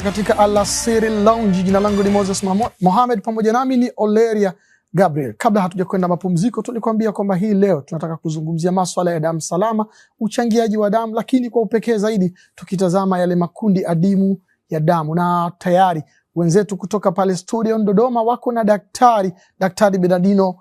katika Alasiri Lounge. Jina langu ni Moses Mohamed, pamoja nami ni Oleria Gabriel. Kabla hatuja kwenda mapumziko, tulikuambia kwamba hii leo tunataka kuzungumzia maswala ya damu salama, uchangiaji wa damu, lakini kwa upekee zaidi tukitazama yale makundi adimu ya damu, na tayari wenzetu kutoka pale studio Dodoma wako na daktari, Daktari Benadino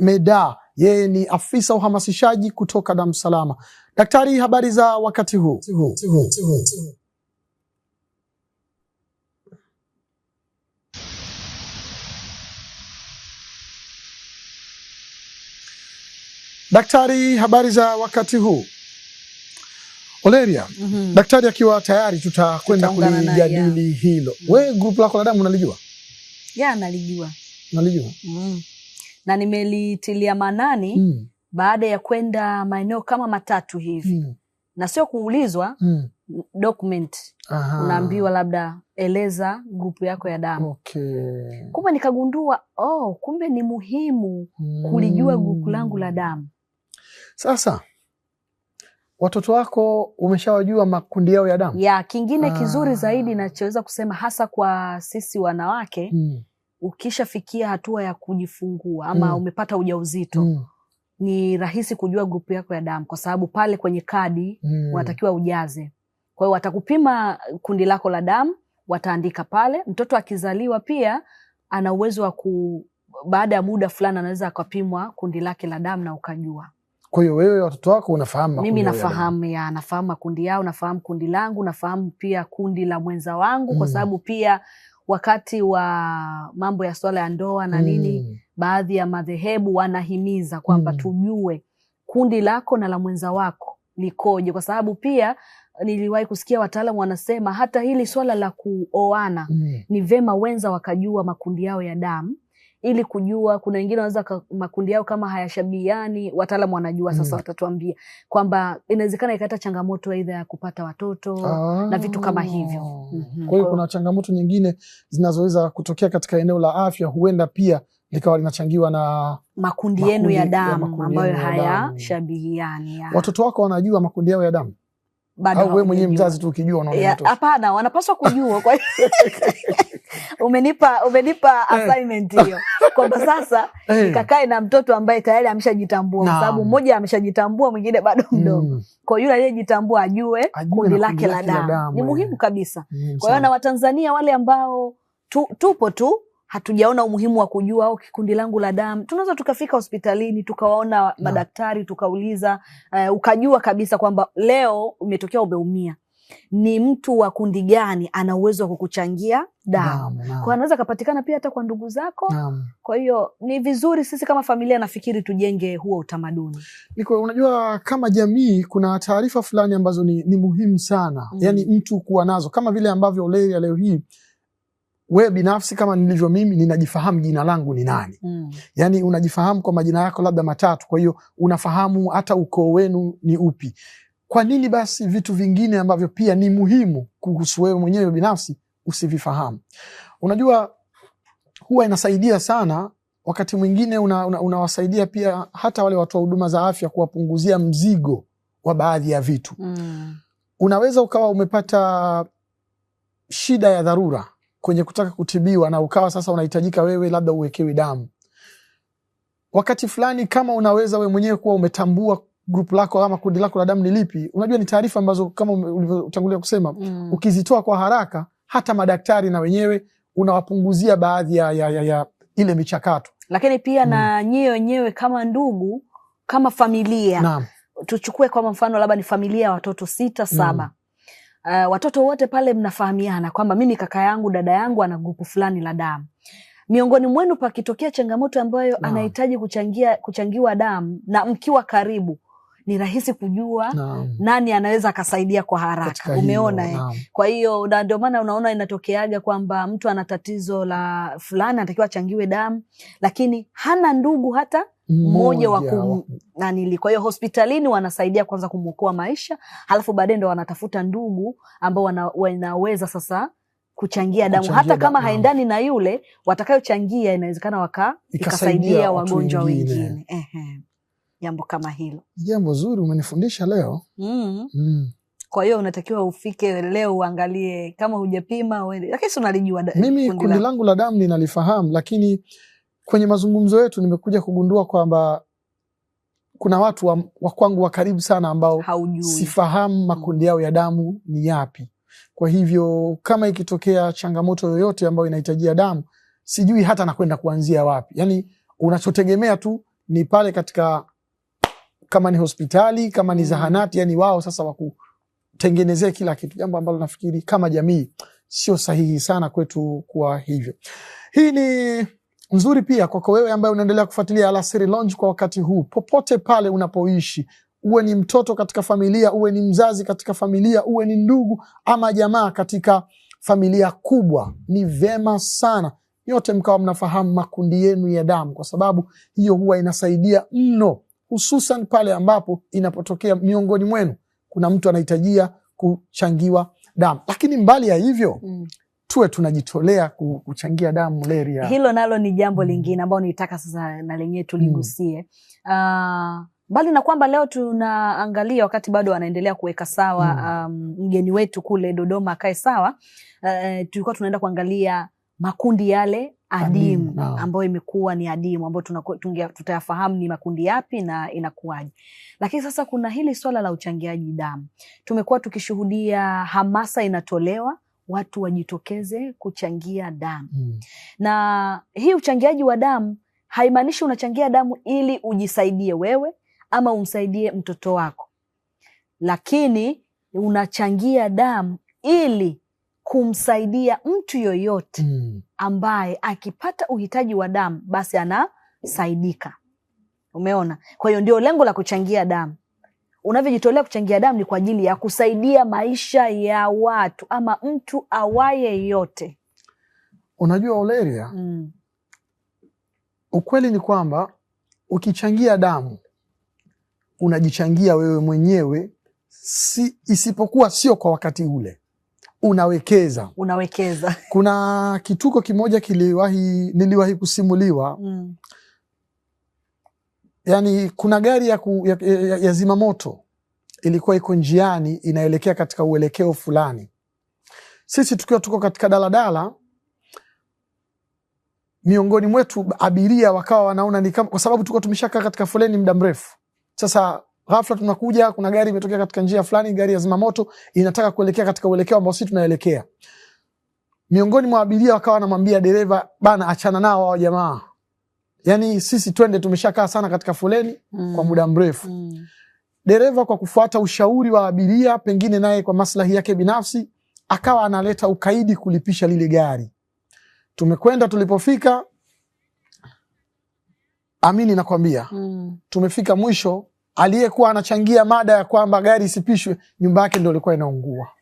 Meda, yeye ni afisa uhamasishaji kutoka damu salama. Daktari, habari za wakati huu? Daktari, habari za wakati huu Oleria. mm -hmm. Daktari akiwa tayari tutakwenda kulijadili hilo. mm -hmm. Wewe grupu lako la damu unalijua? Ya, nalijua. Nalijua. Mm. Na nimelitilia manani mm. baada ya kwenda maeneo kama matatu hivi mm. na sio kuulizwa mm. document unaambiwa labda eleza grupu yako ya damu. Okay. Kumbe nikagundua oh, kumbe ni muhimu mm. kulijua mm. grupu langu la damu. Sasa watoto wako umeshawajua makundi yao ya damu ya kingine ah. Kizuri zaidi nachoweza kusema hasa kwa sisi wanawake mm. Ukishafikia hatua ya kujifungua ama mm. umepata ujauzito mm. ni rahisi kujua grupu yako ya damu kwa sababu pale kwenye kadi mm. unatakiwa ujaze. Kwa hiyo watakupima kundi lako la damu, wataandika pale. Mtoto akizaliwa pia ana uwezo wa ku, baada ya muda fulani anaweza akapimwa kundi lake la damu na ukajua. Kwa hiyo wewe watoto wako unafahamu, mimi nafahamu ya, nafahamu makundi yao, nafahamu kundi langu, nafahamu pia kundi la mwenza wangu mm. kwa sababu pia wakati wa mambo ya swala ya ndoa na nini mm. baadhi ya madhehebu wanahimiza kwamba mm. tujue kundi lako na la mwenza wako likoje, kwa sababu pia niliwahi kusikia wataalamu wanasema hata hili swala la kuoana mm. ni vema wenza wakajua makundi yao ya damu ili kujua. Kuna wengine wanaweza makundi yao kama hayashabihiani, wataalamu wanajua sasa, mm. watatuambia kwamba inawezekana ikata changamoto aidha ya kupata watoto ah, na vitu kama ah. hivyo mm -hmm. Kwa hiyo kuna changamoto nyingine zinazoweza kutokea katika eneo la afya, huenda pia likawa linachangiwa na makundi yenu ya damu ambayo hayashabihiani. Watoto wako wanajua makundi yao ya damu au wewe mwenyewe mzazi tu ukijua unaona? Hapana, wanapaswa kujua kwa umenipa umenipa eh. assignment hiyo kwamba sasa eh. Eh. nikakae na mtoto ambaye tayari ameshajitambua, kwa sababu mmoja ameshajitambua, mwingine bado mm. mdogo. Kwa hiyo yule aliyejitambua ajue kundi lake la damu ni muhimu kabisa. Mm, kwa hiyo na Watanzania wale ambao tu, tupo tu hatujaona umuhimu wa kujua au oh, kikundi langu la damu, tunaweza tukafika hospitalini tukawaona madaktari tukauliza, uh, ukajua kabisa kwamba leo umetokea umeumia ni mtu wa kundi gani, ana uwezo wa kukuchangia damu. Kwa hiyo anaweza akapatikana pia hata kwa ndugu zako Kwa hiyo ni vizuri sisi kama familia, nafikiri tujenge huo utamaduni. Niko, unajua kama jamii kuna taarifa fulani ambazo ni, ni muhimu sana mm. Yani mtu kuwa nazo kama vile ambavyo Leila leo hii wewe binafsi kama nilivyo mimi ninajifahamu jina langu ni nani. Mm. Yaani unajifahamu kwa majina yako labda matatu, kwa hiyo unafahamu hata ukoo wenu ni upi. Kwa nini basi vitu vingine ambavyo pia ni muhimu kuhusu wewe mwenyewe binafsi usivifahamu? Unajua, huwa inasaidia sana wakati mwingine unawasaidia una, una pia hata wale watoa huduma za afya kuwapunguzia mzigo wa baadhi ya vitu mm. Unaweza ukawa umepata shida ya dharura kwenye kutaka kutibiwa na ukawa sasa unahitajika wewe labda uwekewe damu wakati fulani, kama unaweza we mwenyewe kuwa umetambua grupu lako ama kundi lako la damu ni lipi. Unajua ni taarifa ambazo kama ulivyotangulia kusema mm. ukizitoa kwa haraka hata madaktari na wenyewe unawapunguzia baadhi ya, ya, ya, ya ile michakato, lakini pia mm. na nyie wenyewe kama ndugu kama familia na. Tuchukue kwa mfano labda ni familia ya watoto sita saba mm. Uh, watoto wote pale mnafahamiana kwamba mimi kaka yangu dada yangu ana grupu fulani la damu miongoni mwenu pakitokea changamoto ambayo anahitaji kuchangia kuchangiwa damu na mkiwa karibu, ni rahisi kujua na, nani anaweza akasaidia kwa haraka, umeona hilo, eh? no. Kwa hiyo ndio maana unaona inatokeaga kwamba mtu ana tatizo la fulani anatakiwa achangiwe damu, lakini hana ndugu hata mmoja wa kumnanili. Kwa hiyo hospitalini wanasaidia kwanza kumwokoa maisha, halafu baadaye ndo wanatafuta ndugu ambao wana, wanaweza sasa kuchangia damu hata kama haendani na yule watakayochangia, inawezekana waka ikasaidia wagonjwa wengine, wengine jambo kama hilo. Jambo zuri umenifundisha leo mm. Mm. Kwa hiyo unatakiwa ufike leo uangalie, kama hujapima lakini si unalijua. Mimi kundi langu la damu ninalifahamu, lakini kwenye mazungumzo yetu nimekuja kugundua kwamba kuna watu wa, wa kwangu wa karibu sana ambao haujui, sifahamu mm. makundi yao ya damu ni yapi. Kwa hivyo kama ikitokea changamoto yoyote ambayo inahitajia damu, sijui hata nakwenda kuanzia wapi. Yani unachotegemea tu ni pale katika kama ni hospitali, kama ni mm. zahanati, yani wao sasa wakutengenezee kila kitu, jambo ambalo nafikiri kama jamii sio sahihi sana kwetu kuwa hivyo. Hii ni nzuri pia kwako wewe ambaye unaendelea kufuatilia Alasiri Lounge kwa wakati huu, popote pale unapoishi, uwe ni mtoto katika familia, uwe ni mzazi katika familia, uwe ni ndugu ama jamaa katika familia kubwa, ni vema sana nyote mkawa mnafahamu makundi yenu ya damu, kwa sababu hiyo huwa inasaidia mno hususan pale ambapo inapotokea miongoni mwenu kuna mtu anahitajia kuchangiwa damu. Lakini mbali ya hivyo mm. tuwe tunajitolea kuchangia damu leria. Hilo nalo ni jambo mm. lingine ambao nitaka sasa na lenyewe tuligusie mm. uh mbali na kwamba leo tunaangalia wakati bado wanaendelea kuweka sawa mm. um, mgeni wetu kule Dodoma akae sawa. Uh, tulikuwa tunaenda kuangalia makundi yale adimu, ambayo imekuwa ni adimu ambayo tutayafahamu ni makundi yapi na inakuwaje. Lakini sasa kuna hili swala la uchangiaji damu, tumekuwa tukishuhudia hamasa inatolewa watu wajitokeze kuchangia damu mm. na hii uchangiaji wa damu haimaanishi unachangia damu ili ujisaidie wewe ama umsaidie mtoto wako, lakini unachangia damu ili kumsaidia mtu yoyote mm. ambaye akipata uhitaji wa damu basi anasaidika. Umeona? Kwa hiyo ndio lengo la kuchangia damu. Unavyojitolea kuchangia damu ni kwa ajili ya kusaidia maisha ya watu ama mtu awaye yote. Unajua Oleria, mm. ukweli ni kwamba ukichangia damu unajichangia wewe mwenyewe si, isipokuwa sio kwa wakati ule unawekeza unawekeza. Kuna kituko kimoja kiliwahi niliwahi kusimuliwa mm. Yani, kuna gari ya, ku, ya, ya, ya zimamoto ilikuwa iko njiani inaelekea katika uelekeo fulani. Sisi tukiwa tuko katika daladala, miongoni mwetu abiria wakawa wanaona ni kama, kwa sababu tulikuwa tumeshakaa katika foleni muda mrefu, sasa ghafla tunakuja, kuna gari imetokea katika njia fulani, gari ya zimamoto inataka kuelekea katika uelekeo ambao sisi tunaelekea. Miongoni mwa abiria wakawa wanamwambia dereva, bana, achana nao hao jamaa, yani sisi twende, tumeshakaa sana katika foleni mm. kwa muda mrefu mm. Dereva kwa kufuata ushauri wa abiria, pengine naye kwa maslahi yake binafsi, akawa analeta ukaidi kulipisha lile gari. Tumekwenda, tulipofika, amini nakwambia mm. tumefika mwisho aliyekuwa anachangia mada ya kwamba gari isipishwe, nyumba yake ndo ilikuwa inaungua.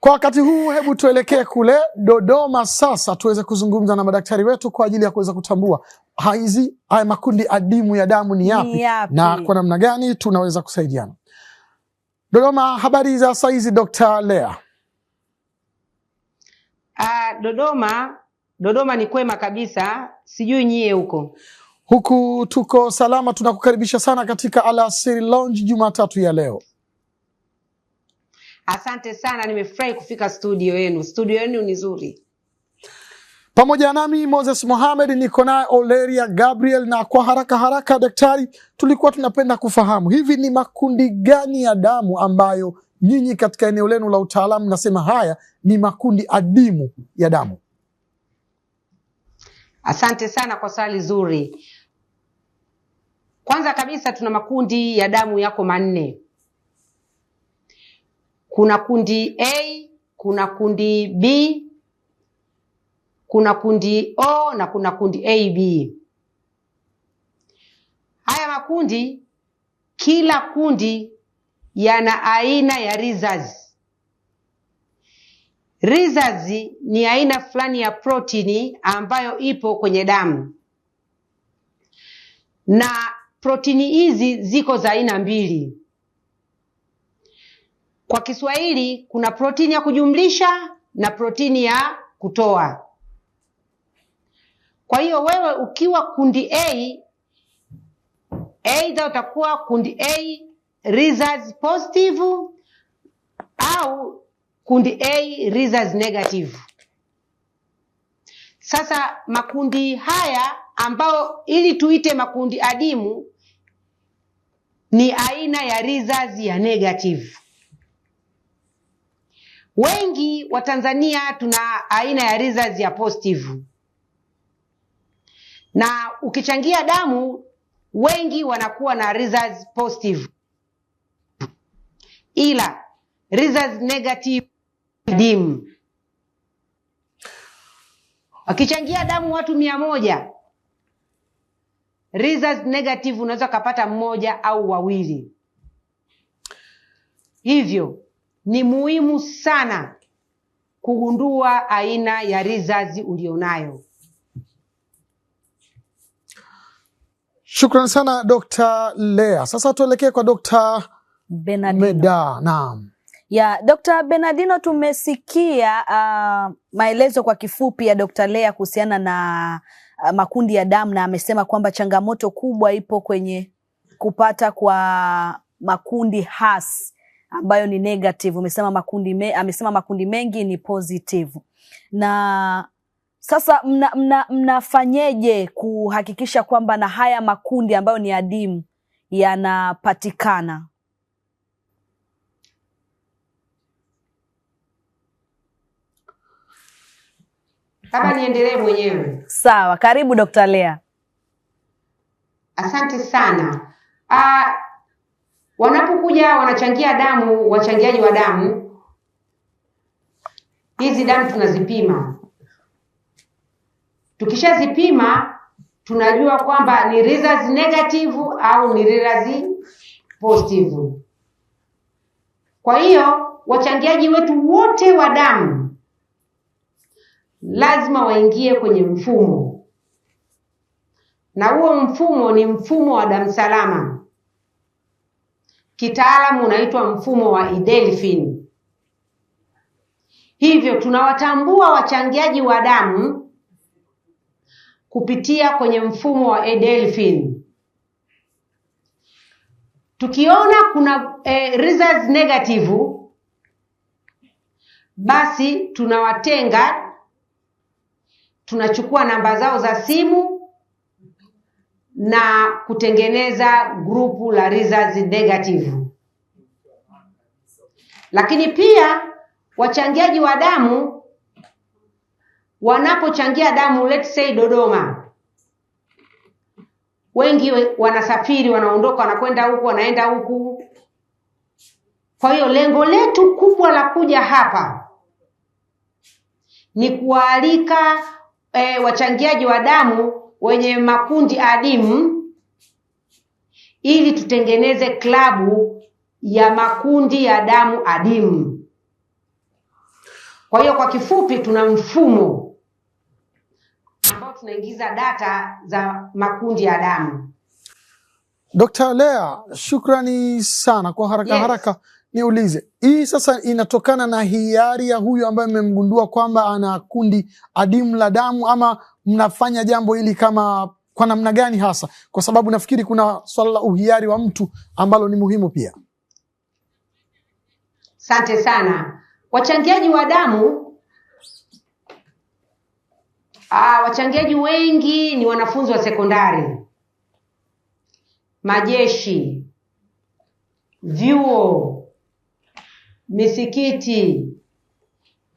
Kwa wakati huu, hebu tuelekee kule Dodoma sasa tuweze kuzungumza na madaktari wetu kwa ajili ya kuweza kutambua hizi haya makundi adimu ya damu ni yapi, ni yapi na kwa namna gani tunaweza kusaidiana. Dodoma, habari za saizi Dr. Lea? Uh, Dodoma Dodoma ni kwema kabisa, sijui nyie huko. Huku tuko salama, tunakukaribisha sana katika Alasiri Lounge Jumatatu ya leo. Asante sana, nimefurahi kufika studio yenu. Studio yenu ni nzuri. Pamoja nami Moses Mohamed, niko naye Oleria Gabriel. Na kwa haraka haraka, daktari, tulikuwa tunapenda kufahamu hivi ni makundi gani ya damu ambayo nyinyi katika eneo lenu la utaalamu nasema haya ni makundi adimu ya damu? Asante sana kwa swali zuri. Kwanza kabisa tuna makundi ya damu yako manne. Kuna kundi A, kuna kundi B, kuna kundi O na kuna kundi AB. Haya makundi, kila kundi yana aina ya results. Results ni aina fulani ya protini ambayo ipo kwenye damu na Protini hizi ziko za aina mbili. Kwa Kiswahili kuna protini ya kujumlisha na protini ya kutoa. Kwa hiyo wewe ukiwa kundi A, aidha utakuwa kundi A results positive au kundi A results negative. Sasa makundi haya ambao ili tuite makundi adimu ni aina ya rizazi ya negative. Wengi wa Tanzania tuna aina ya rizazi ya positive, na ukichangia damu wengi wanakuwa na rizazi positive, ila rizazi negative adimu. Wakichangia damu watu mia moja results negative unaweza ukapata mmoja au wawili hivyo ni muhimu sana kugundua aina ya results ulionayo shukran sana Dkt. Lea sasa tuelekee kwa Dkt. Bernardino naam ya Dkt. Bernardino tumesikia uh, maelezo kwa kifupi ya dokta Lea kuhusiana na Uh, makundi ya damu, na amesema kwamba changamoto kubwa ipo kwenye kupata kwa makundi hasi ambayo ni negative. Amesema makundi, me, amesema makundi mengi ni positive. Na sasa mnafanyeje mna, mna kuhakikisha kwamba na haya makundi ambayo ni adimu yanapatikana? kama niendelee mwenyewe. Sawa, karibu Dr. Lea. Asante sana. Uh, wanapokuja wanachangia damu, wachangiaji wa damu, hizi damu tunazipima. Tukishazipima tunajua kwamba ni results negative au ni results positive. Kwa hiyo wachangiaji wetu wote wa damu lazima waingie kwenye mfumo, na huo mfumo ni mfumo wa damu salama, kitaalamu unaitwa mfumo wa IDELFIN. Hivyo tunawatambua wachangiaji wa damu kupitia kwenye mfumo wa Edelfin. Tukiona kuna e, results negative, basi tunawatenga tunachukua namba zao za simu na kutengeneza grupu la results negative. Lakini pia wachangiaji wa damu wanapochangia damu, let's say Dodoma, wengi wanasafiri, wanaondoka, wanakwenda huku, wanaenda huku. Kwa hiyo lengo letu kubwa la kuja hapa ni kuwaalika e, wachangiaji wa damu wenye makundi adimu ili tutengeneze klabu ya makundi ya damu adimu. Kwa hiyo kwa kifupi, tuna mfumo ambao tunaingiza data za makundi ya damu. Dr. Lea, shukrani sana kwa haraka yes. haraka niulize hii sasa inatokana na hiari ya huyu ambaye mmemgundua kwamba ana kundi adimu la damu, ama mnafanya jambo hili kama kwa namna gani hasa? Kwa sababu nafikiri kuna swala la uhiari wa mtu ambalo ni muhimu pia. Asante sana. Wachangiaji wa damu Ah, wachangiaji wengi ni wanafunzi wa sekondari, majeshi, vyuo misikiti,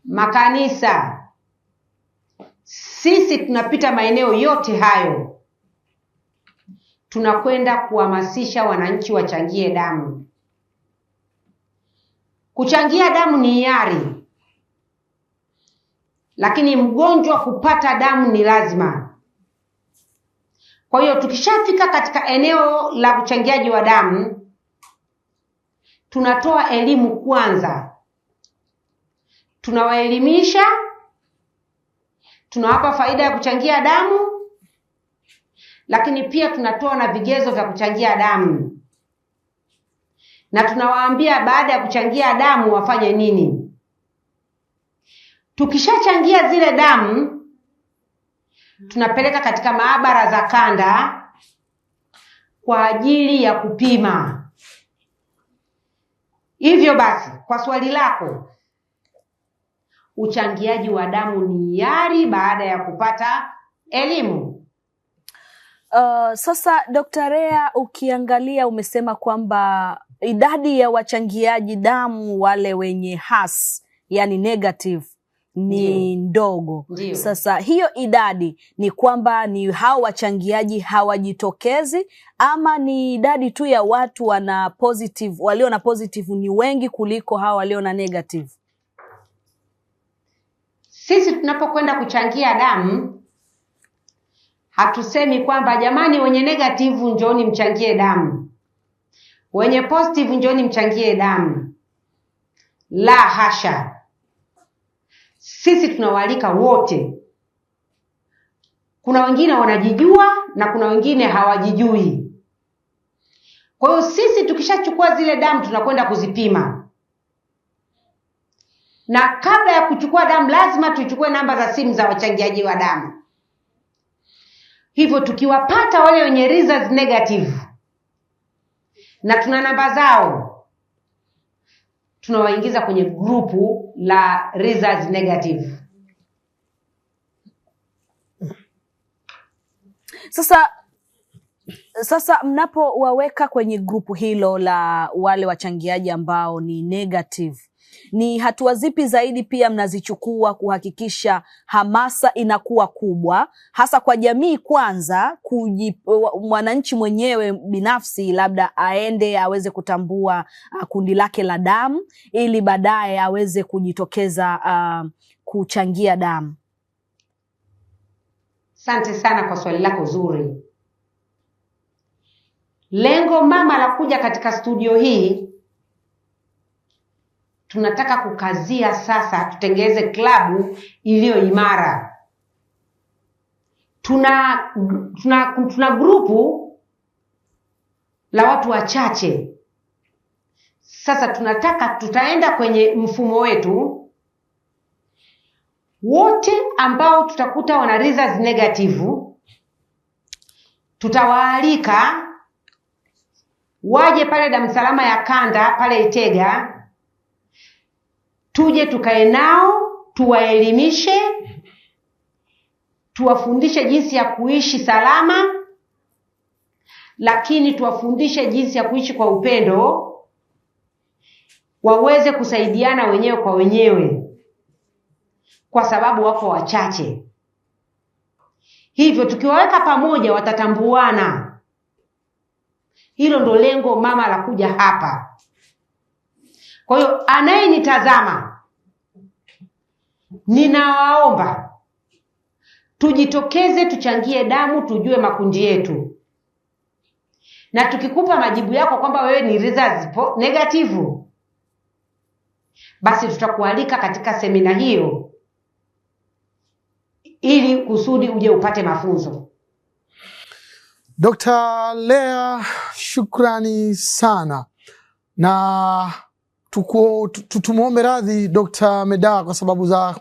makanisa. Sisi tunapita maeneo yote hayo, tunakwenda kuhamasisha wananchi wachangie damu. Kuchangia damu ni hiari, lakini mgonjwa kupata damu ni lazima. Kwa hiyo tukishafika katika eneo la uchangiaji wa damu tunatoa elimu kwanza, tunawaelimisha, tunawapa faida ya kuchangia damu, lakini pia tunatoa na vigezo vya kuchangia damu, na tunawaambia baada ya kuchangia damu wafanye nini. Tukishachangia zile damu tunapeleka katika maabara za kanda kwa ajili ya kupima Hivyo basi, kwa swali lako, uchangiaji wa damu ni hiari baada ya kupata elimu. Uh, sasa Dr. Rea, ukiangalia umesema kwamba idadi ya wachangiaji damu wale wenye HAS yani negative ni Ndiyo. ndogo Ndiyo. Sasa hiyo idadi ni kwamba ni hao wachangiaji hawajitokezi ama ni idadi tu ya watu wana positive, walio na positive ni wengi kuliko hao walio na negative? Sisi tunapokwenda kuchangia damu hatusemi kwamba jamani, wenye negative njooni mchangie damu, wenye positive njooni mchangie damu, la hasha sisi tunawaalika wote. Kuna wengine wanajijua na kuna wengine hawajijui. Kwa hiyo sisi tukishachukua zile damu tunakwenda kuzipima, na kabla ya kuchukua damu lazima tuchukue namba za simu za wachangiaji wa damu. Hivyo tukiwapata wale wenye results negative na tuna namba zao tunawaingiza kwenye grupu la results negative sasa sasa mnapowaweka kwenye grupu hilo la wale wachangiaji ambao ni negative ni hatua zipi zaidi pia mnazichukua kuhakikisha hamasa inakuwa kubwa, hasa kwa jamii kwanza, kuji mwananchi mwenyewe binafsi labda aende aweze kutambua uh, kundi lake la damu ili baadaye aweze kujitokeza uh, kuchangia damu? Asante sana kwa swali lako zuri. Lengo mama la kuja katika studio hii tunataka kukazia sasa, tutengeze klabu iliyo imara. Tuna, tuna, tuna grupu la watu wachache. Sasa tunataka tutaenda kwenye mfumo wetu wote ambao tutakuta wana results negative tutawaalika waje pale Dar es Salaam ya kanda pale Itega tuje tukae nao tuwaelimishe tuwafundishe jinsi ya kuishi salama lakini tuwafundishe jinsi ya kuishi kwa upendo waweze kusaidiana wenyewe kwa wenyewe kwa sababu wako wachache hivyo tukiwaweka pamoja watatambuana hilo ndo lengo mama la kuja hapa kwa hiyo anayenitazama, ninawaomba tujitokeze, tuchangie damu, tujue makundi yetu, na tukikupa majibu yako kwamba wewe ni results negative, basi tutakualika katika semina hiyo ili kusudi uje upate mafunzo. Dr. Lea, shukrani sana na tumwombe radhi Dr. Meda kwa sababu za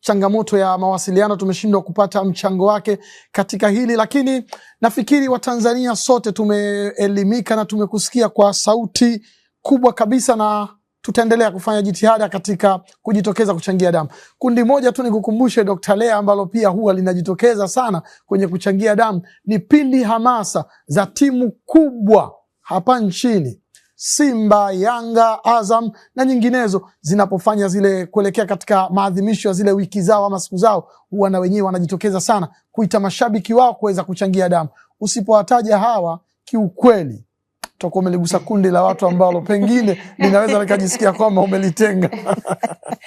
changamoto ya mawasiliano tumeshindwa kupata mchango wake katika hili, lakini nafikiri Watanzania sote tumeelimika na tumekusikia kwa sauti kubwa kabisa, na tutaendelea kufanya jitihada katika kujitokeza kuchangia damu. Kundi moja tu nikukumbushe, Dr. Lea, ambalo pia huwa linajitokeza sana kwenye kuchangia damu ni pindi hamasa za timu kubwa hapa nchini Simba, Yanga, Azam na nyinginezo zinapofanya zile kuelekea katika maadhimisho ya zile wiki zao ama siku zao, huwa na wenyewe wanajitokeza sana kuita mashabiki wao kuweza kuchangia damu. Usipowataja hawa, kiukweli utakuwa umeligusa kundi la watu ambalo pengine linaweza likajisikia kwamba umelitenga.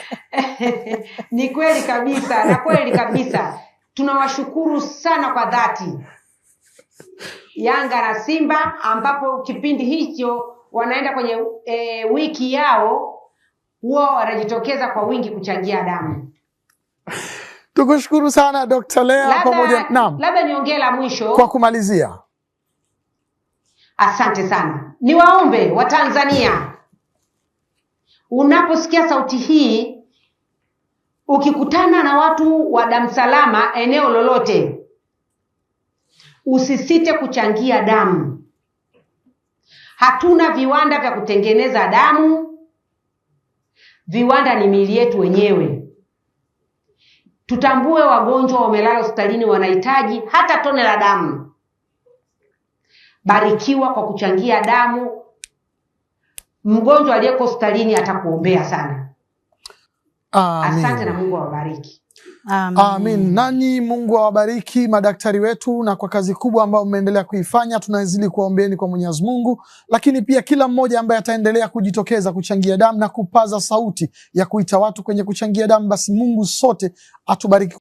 Ni kweli kabisa, na kweli kabisa tunawashukuru sana kwa dhati Yanga na Simba, ambapo kipindi hicho wanaenda kwenye e, wiki yao huwa wanajitokeza kwa wingi kuchangia damu. Tukushukuru sana Dr. Lea pamoja naam. Labda niongee la mwisho kwa kumalizia. Asante sana, niwaombe Watanzania, unaposikia sauti hii, ukikutana na watu wa damu salama eneo lolote, usisite kuchangia damu Hatuna viwanda vya kutengeneza damu. Viwanda ni miili yetu wenyewe. Tutambue wagonjwa wamelala hospitalini wanahitaji hata tone la damu. Barikiwa kwa kuchangia damu. Mgonjwa aliyeko hospitalini atakuombea sana. Amen. Asante na Mungu awabariki. Amin. nani Nanyi Mungu awabariki madaktari wetu, na kwa kazi kubwa ambayo mmeendelea kuifanya, tunazidi kuwaombeeni kwa Mwenyezi Mungu, lakini pia kila mmoja ambaye ataendelea kujitokeza kuchangia damu na kupaza sauti ya kuita watu kwenye kuchangia damu, basi Mungu sote atubariki.